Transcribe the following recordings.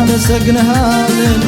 እናመሰግንሃለን።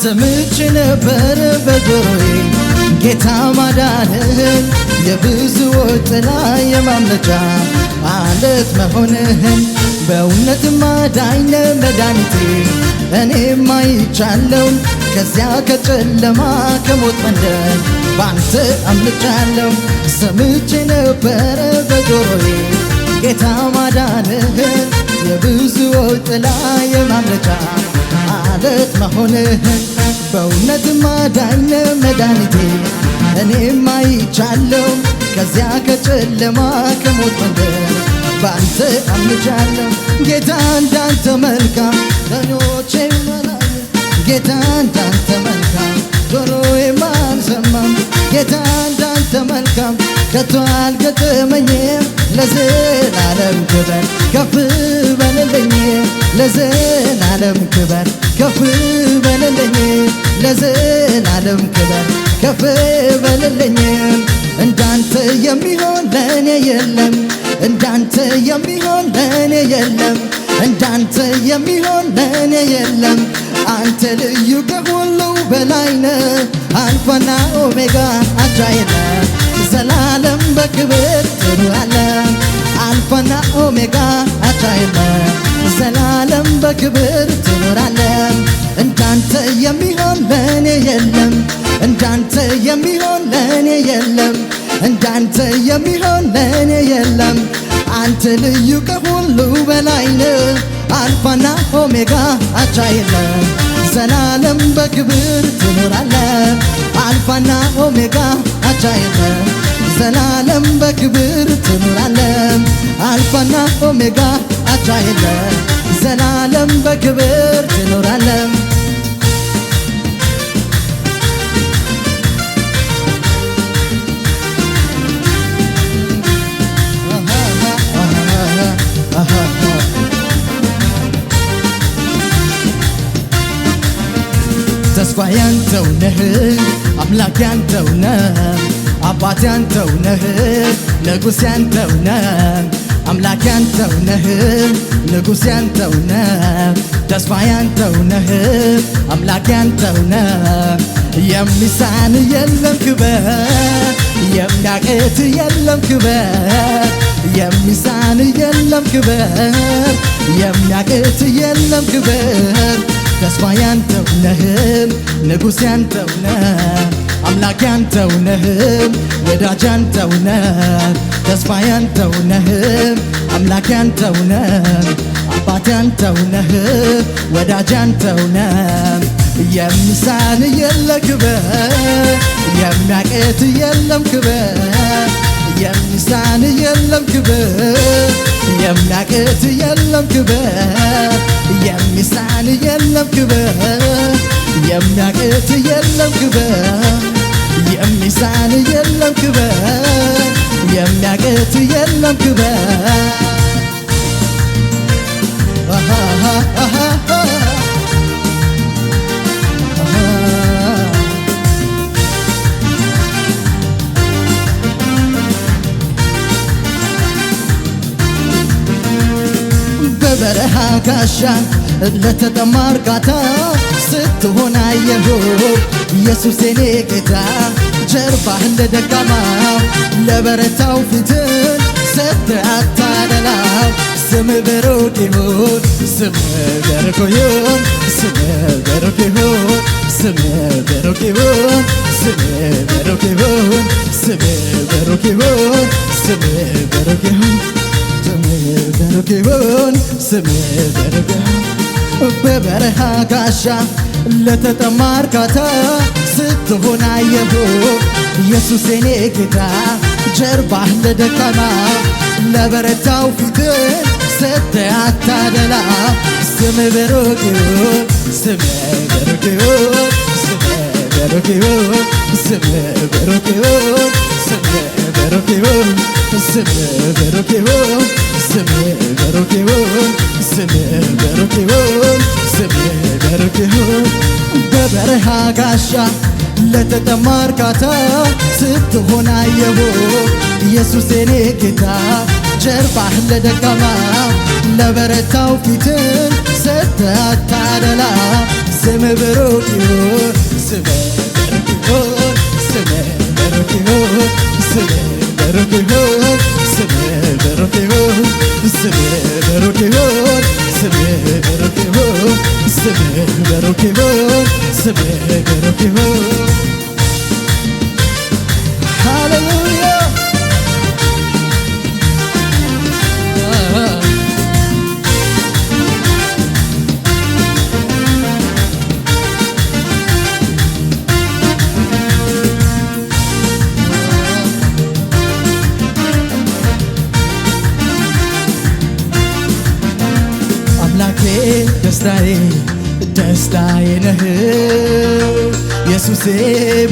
ሰምቼ ነበር በጆሮዬ ጌታ ማዳንህን የብዙዎች ጥላ የማምለጫ አለት መሆንህን በእውነት ማዳይነ መድኃኒቴ እኔም አይቻለው ከዚያ ከጨለማ ከሞት መንደር በአንተ አምልጫለው ሰምቼ ነበረ በጆሮዬ ጌታ ማዳንህን የብዙዎች ጥላ የማምለጫ አለት መሆንህን በእውነት ማዳይነ መድኃኒቴ እኔም አይቻለው ከዚያ ከጨለማ ከሞት መንደር በአንተ አምጃለሁ ጌታ እንዳንተ መልካም ለኞቼ መናየ ጌታ እንዳንተ መልካም ጆሮዬ ማንሰማም ጌታ እንዳንተ መልካም ከቶ አልገጠመኝም ለዘላለም ክብር ከፍ በልልኝ ለዘ እንዳንተ የሚሆን ለእኔ የለም፣ እንዳንተ የሚሆን ለእኔ የለም። አንተ ልዩ ከሁሉ በላይ ነህ፣ አልፋና ኦሜጋ አቻዬ ነህ፣ ዘላለም በክብር ትኖራለህ። አልፋና ኦሜጋ አቻዬ ነህ፣ ዘላለም በክብር ትኖራለህ። እንዳንተ የሚሆን ለእኔ የለም፣ እንዳንተ የሚሆን ለኔ የለም እንዳንተ የሚሆን ለኔ የለም አንተ ልዩ ከሁሉ በላይ ነ አልፋና ኦሜጋ አቻዬ ዘላለም በክብር ትኖራለህ አልፋና ኦሜጋ አቻዬ ዘላለም በክብር ትኖራለ እንዳንተ የሚሆን ለእኔ የለም እንዳንተ የሚሆን ለእኔ የለም እንዳንተ የሚሆን ለእኔ የለም አንተ ልዩ ከሁሉ በላይ ነ አልፋና ኦሜጋ አቻ የለም። ዘላለም በክብር ትኖራለህ። አልፋና ኦሜጋ አቻ የለም። ዘላለም በክብር ትኖራለህ። አልፋና ኦሜጋ አቻ የለም። ዘላለም በክብር ትኖራለህ። ያንተው ነህ አምላክ ያንተው ነህ አባት ያንተው ነህ ንጉሥ ያንተው ነህ አምላክ ያንተው ነህ ንጉሥ ያንተው ነህ ተስፋ ያንተው ነህ አምላክ ያንተው ነህ የሚሳን የለም ክበ የሚያቅት የለም ክበ የሚሳን የለም ክብር የሚያቅት የለም ክብር ተስፋ ያንተው ነህም ንጉሥ ያንተው ነህ አምላክ ያንተው ነህም ወዳጅ ያንተው ነህ ተስፋ ያንተው ነህም አምላክ ያንተው ነህ አባት ያንተው ነህ ወዳጅ ያንተው ነህ የሚሳን የለ ክብር የሚያቅት የለም ክበ የሚሳን የለም ክብር የሚያቅት የለም ክበ የሚሳን የለም የለም ግበር የሚያቅት የለም ግበር የሚሳን የለም ግበር የሚያቅት የለም ግበር በበረሃ ጋሻ ለተጠማ እርካታ ስትሆን አየሁ ኢየሱስ የኔ ጌታ ጀርባህ እንደ ለበረታው ፊትን ሰጥ አታደላ ስም ብሩክ ይሁን ስም ብሩክ ይሁን ስም ብሩክ ይሁን ስም ብሩክ ይሁን ስም ብሩክ ይሁን ስም ብሩክ ይሁን ስም ብሩክ ይሁን ስም ብሩክ ይሁን ስም ብሩክ ይሁን በበረሃ ጋሻ ለተጠማ እርካታ ስትሆን አየሁ ኢየሱስ የኔ ጌታ ጀርባህ ለደካማ ለበረታው ፊትን ሰጠ አታደላ ስም ብሩክ ስም ብሩክ ስም ብሩክ ስም ብሩክ ስም ብሩክ ስም ብሩክ ስሜ ብሩክ ይሁን፣ ስሜ ብሩክ ይሁን፣ ስሜ ብሩክ ይሁን። በበረሃ ጋሻ ለተጠማ እርካታ ስትሆን አየሁ ኢየሱስ የኔ ጌታ። ጀርባህ ለደካማ ለበረታው ፊትን ሰጥተህ አታደላ። ስምህ ብሩክ ይሁን ደስታዬ ደስታዬ ነህ ኢየሱሴ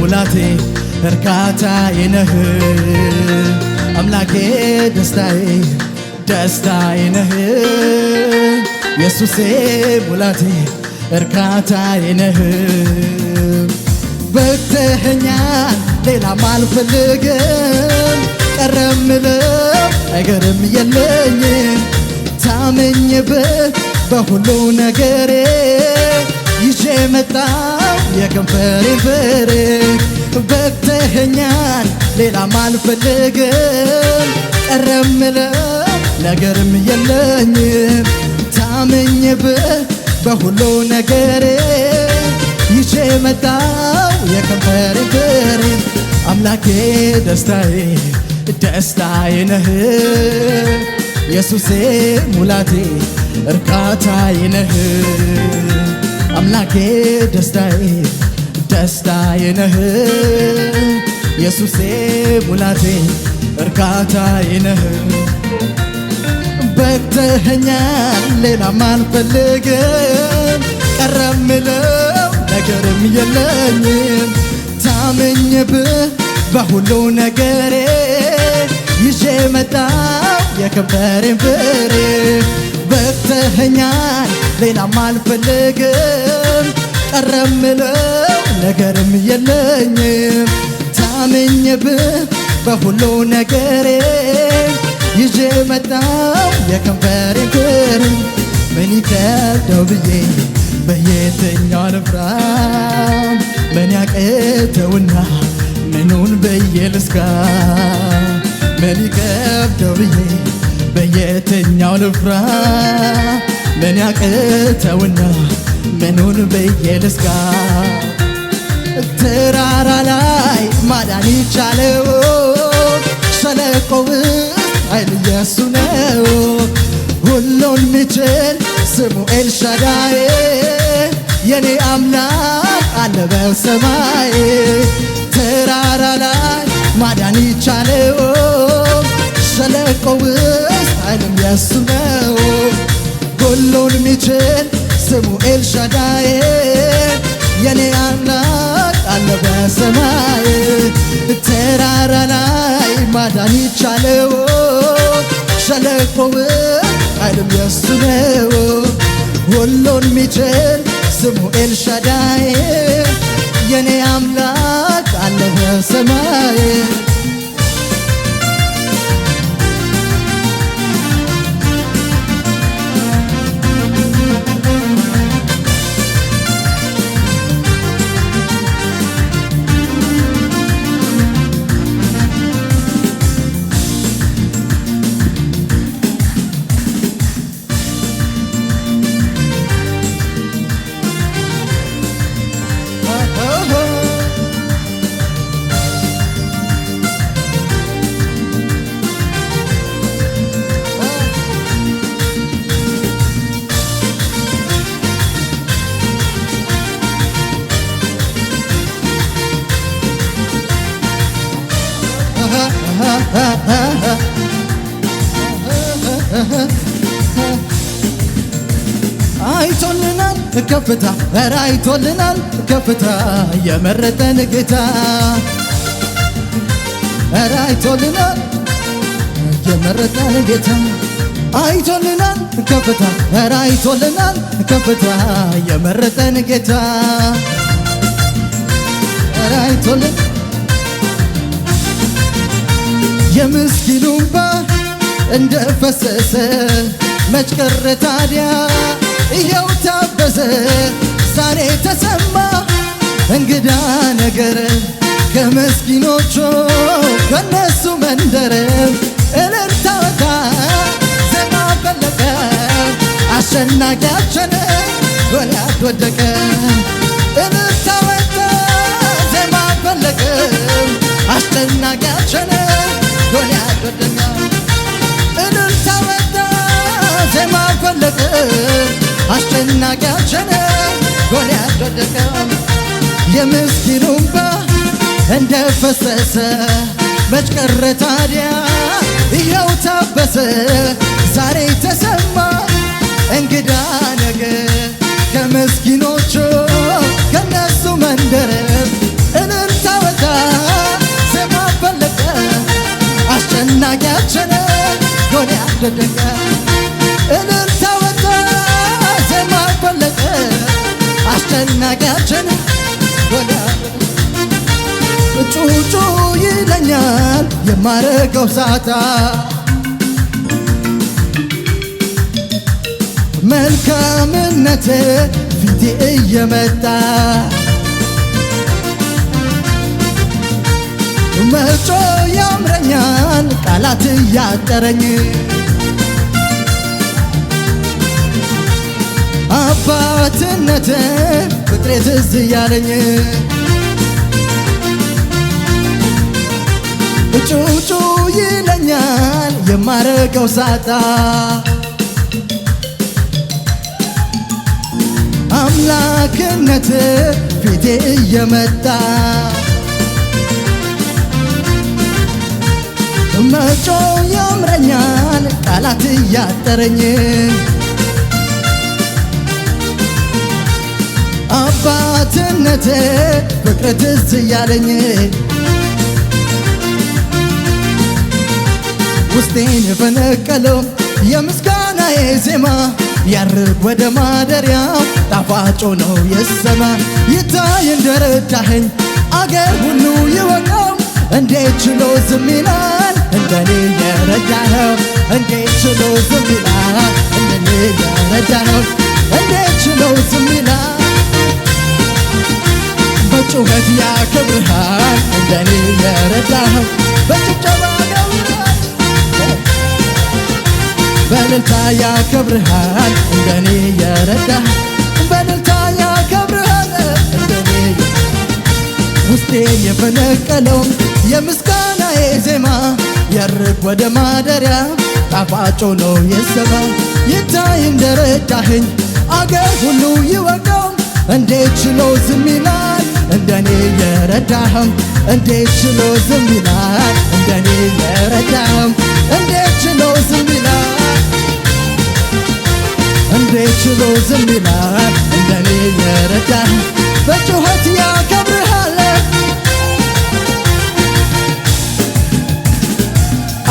ሙላቴ እርካታዬ ነህ አምላኬ ደስታዬ ደስታዬ ነህ ኢየሱሴ ሙላቴ እርካታዬ ነህ በተኸኛል ሌላ አልፈልግም ቀረምለው ነገርም የለኝም ታመኝበት በሁሉ ነገሬ ይዤ መጣው የከንፈሬን ፍሬ በተኸኛል ሌላም አልፈልግም ቀረምለው ነገርም የለኝም ታምኜብህ በሁሉ ነገሬ ይዤ መጣው የከንፈሬን ፍሬ አምላኬ ደስታዬ ደስታዬ ነህ ኢየሱሴ ሙላቴ እርካታዬ ነህ አምላኬ ደስታዬ ደስታዬ ነህ ኢየሱሴ ሙላቴ እርካታዬ ነህ በቅተኸኛል ሌላም አልፈልግም ቀረ ነገርም የለኝም ታምኜብህ በሁሉ ነገሬ ይዤ መጣ የክበር ብር በተኸኛል ሌላም አልፈልግም ቀረምለው ነገርም የለኝም ታምኝብ በሁሉ ነገሬ ይዤ መጣው የከንፈሬ ክር ምን ይከብደው ብዬ በየትኛው ልፍራ ምን ያቅተውና ምኑን ብዬ ልስጋ ምን ይከብደው ብዬ በየትኛው ልፍራ ምን ያቅተውና ምኑን ብዬ ልስጋ ተራራ ላይ ማዳን ይቻለው ሸለቆ ኃይል ኢየሱ ነው ሁሉን ሚችል ስሙ ኤልሻዳይ የኔ አምላክ አለ በሰማይ ተራራ ላይ ማዳን ይቻለው እሱ ነው ጎሎን የሚችል ስሙ ኤልሻዳይ የኔ አምላክ አለ በሰማይ ተራራ ላይ ማዳን ይቻለው ሸለቆው አይልም የሱ ነው ሁሉን የሚችል ስሙ ኤልሻዳይ የኔ አምላክ አለ በሰማይ ከፍታ ራይቶልናል ከፍታ የመረጠን ጌታ ራይቶልናል የመረጠን ጌታ አይቶልናል ከፍታ ራይቶልናል ከፍታ የመረጠን ጌታ ራይቶልን የምስኪኑ እንባ እንደፈሰሰ መች ቀረ ታዲያ ይኸው ታደሰ ዛሬ ተሰማ እንግዳ ነገር ከመስኪኖቹ ከነሱ መንደር እልልታ ወጣ ዜማ ፈለቀ አሸናጊያችን ጎልያድ ወደቀ እልልታ ዜማ ፈለቀ አሸናጊያችን ጎልያድ ወደቀ እልልታ ዜማ ፈለቀ አስጨናቂያችን ጎልያድ ወደቀ፣ የምስኪኑ እንባ እንደፈሰሰ መች ቀረ ታዲያ እየው ታበሰ። ዛሬ ተሰማ እንግዳ ነገር ከምስኪኖቹ ከነሱ መንደር እልልታ ወጣ ዜማ ፈለቀ አስጨናቂያችን ጎልያድ ወደቀ አስጨናቂያችን ወዳ ጩጩ ይለኛል የማረገው ሳታ መልካምነት ፊቴ እየመጣ መጮ ያምረኛል ቃላት እያጠረኝ አባትነት ፍቅሬ ትዝ እያለኝ እጩጩ ይለኛል የማረገው ሳጣ አምላክነት ፊቴ እየመጣ መጮ ያምረኛል ቃላት እያጠረኝ አባትነት ፍቅር ትዝ እያለኝ ውስጤን ፈነቀለው የምስጋናዬ ዜማ ያርግ ወደ ማደሪያው ጣፋጮ ነው የሰማ ይታይ እንደረዳኸኝ አገር ሁሉ ይወቀው እንዴት ችሎ ዝም ይላል እንደኔ የረዳኸው እንዴት ችሎ ዝም ይላል እንደኔ የረዳኸው እንዴት ችሎ ዝም ይላል በጩኸት ያከብርሃል እንደኔ በጭብጨባ በእልልታ ያከብርሃል እንደኔ የረዳህ በእልልታ ያከብርሃል እንደኔ ውስጤ የፈነቀለው የምስጋናዬ ዜማ ያርግ ወደ ማደሪያ ጣፋጮ ነው የሰባ ይታይ አገር ሁሉ ይወቀው እንዴት ችሎ ዝም እንደኔ የረዳህም እንዴት ችሎ ዝም ይላል? እንደኔ የረዳህም እንዴት ችሎ ዝም ይላል? እንዴት ችሎ ዝም ይላል? እንደኔ የረዳህም በጩኸት ያከብርሃል።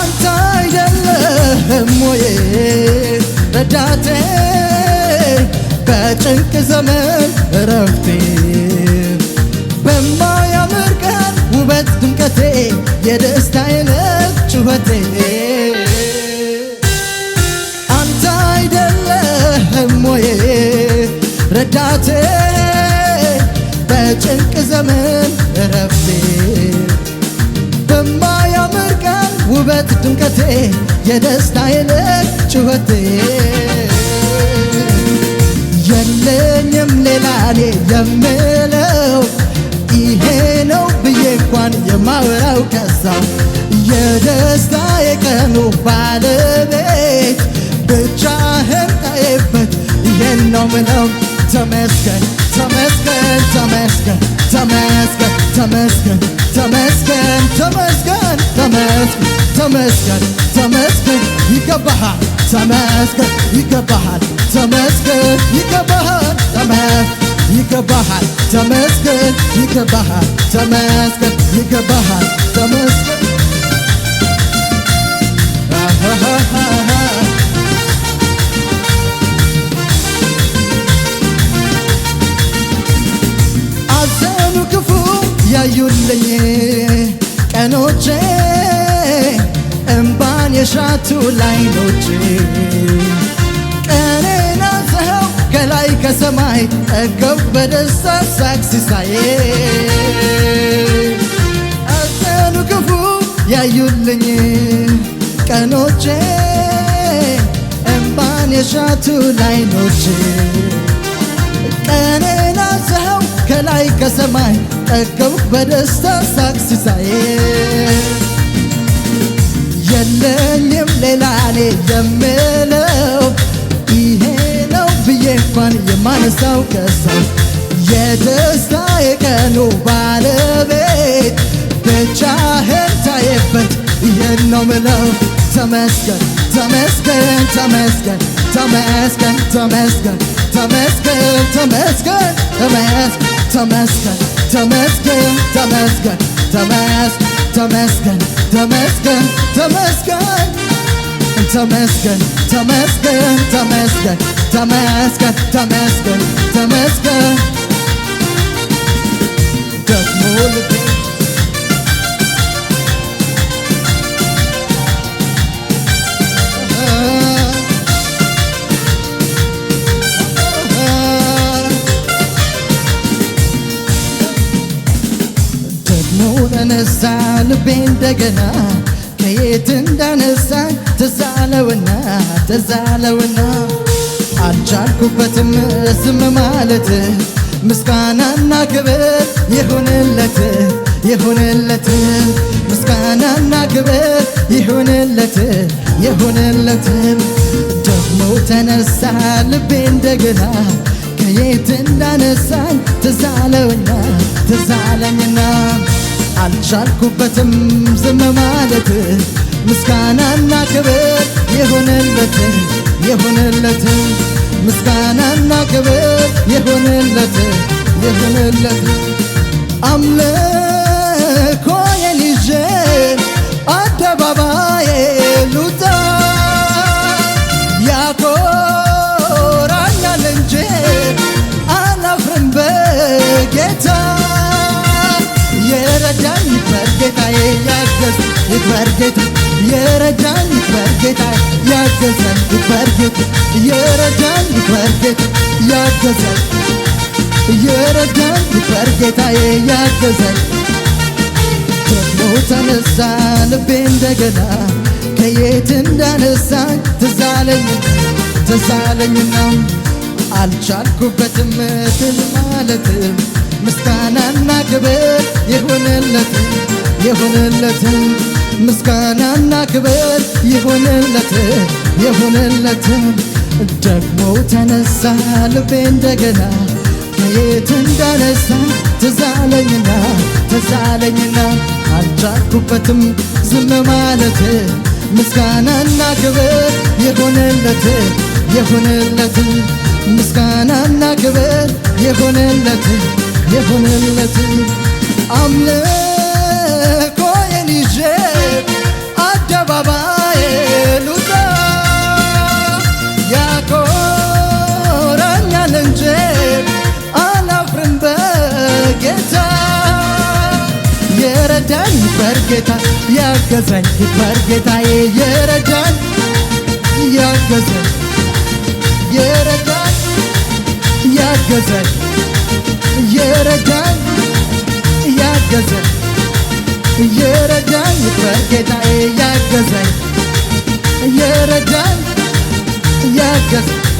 አንተ አይደለህም ሞዬ ረዳቴ በጭንቅ ዘመን እረፍቴ የደስታ አይነት ጩኸቴ አንተ አይደለህም ሞዬ ረዳቴ በጭንቅ ዘመን እረፍቴ በማያምር ቀን ውበት ድምቀቴ የደስታ አይነት ጩኸቴ የለኝም ሌላ እኔ የምን ደስታዋን የማወራው ከሳው የደስታ የቀኑ ባለቤት ብቻ ታየበት ይሄን ነው ምለው ተመስገን ተመስገን ተመስገን ተመስገን ተመስገን ተመስገን ተመስገን ተመስገን ተመስገን ተመስገን ይገባሃል ተመስገን ይገባሃል ተመስገን ይገባሃል ተመስገን ይገባሃል ተመስገን ይገባሃል ተመስገን ይገባሃል ተመስገን አዘኑ ክፉ ያዩልኝ ቀኖቼ እምባን የሻቱ ላይኖቼ ከሰማይ ጠገብ በደስታ ሳቅ ሲሳዬ አዘኑ ክፉ ያዩልኝ ቀኖቼ እምባን የሻቱ ላይኖቼ ቀኔና ሰኸው ከላይ ከሰማይ ጠገብ በደስታ ሳቅ ሲሳዬ ነው ከሰው የደስታ ቀኑ ባለቤት ብቻህን ታየበት ይህን ነው ምለው ተመስገን ተመስገን ተመስገን ተመስገን ተመስገን ተመስገን ተመስገን ተመስገን ተመስገን ተመስገን ተመስገን ተመስገን ተመስገን ተመስገን ተመስገን ተመስገን ተመስገን ተመስገን ተመስገን ደግሞ ልቤ ልቤ እንደገና ከየት እንዳነሳኝ ተዛለውና ተዛለውና አልቻልኩበትም ዝም ማለት ምስጋናና ክብር ይሁንለት ይሁንለት ምስጋናና ክብር ይሁንለት ይሁንለት ደግሞ ተነሳ ልቤ እንደገና ከየት እንዳነሳኝ ትዛለውና ትዛለኝና አልቻልኩበትም ዝም ማለት ምስጋናና ክብር ይሁንለት ይሁንለት ምስጋናና ክብር ይሁንለት ይሁንለት አምልኮዬን ይዤ አደባባዬ ልውጣ ያኮራኛል እንጂ አላፍርም በጌታ የረዳኝ ይክበር ጌታዬ ያገዝ ይክበር ጌታ የረዳኝ ጌታ ያገዘን ይክበር ጌታ እየረዳን ይክበር ጌታ ያገዘን እየረዳን ይክበር ጌታ ያገዘን ደግሞ ተነሳ ልቤ እንደገና ከየት እንዳነሳ ትዝ አለኝ ትዝ አለኝና አልቻልኩበትም ትል ማለትም ምስጋናና ክብር ይሁንለት ይሁንለትም ምስጋናና ክብር ይሁንለት ይሁንለት። ደግሞ ተነሳ ልቤ እንደገና ከየት እንዳነሳ ተዛለኝና ተዛለኝና አልቻልኩበትም ዝም ማለት ምስጋናና ክብር ይሁንለት ይሁንለት ምስጋናና ክብር ይሁንለት ይሁንለት አምነ ይክበር ጌታ ያገዘኝ ይክበር ጌታዬ የረዳኝ ያገዘኝ የረዳኝ ያገዘኝ የረዳኝ ያገዘኝ የረዳኝ ይክበር ጌታዬ ያገዘኝ የረዳኝ ያገዘኝ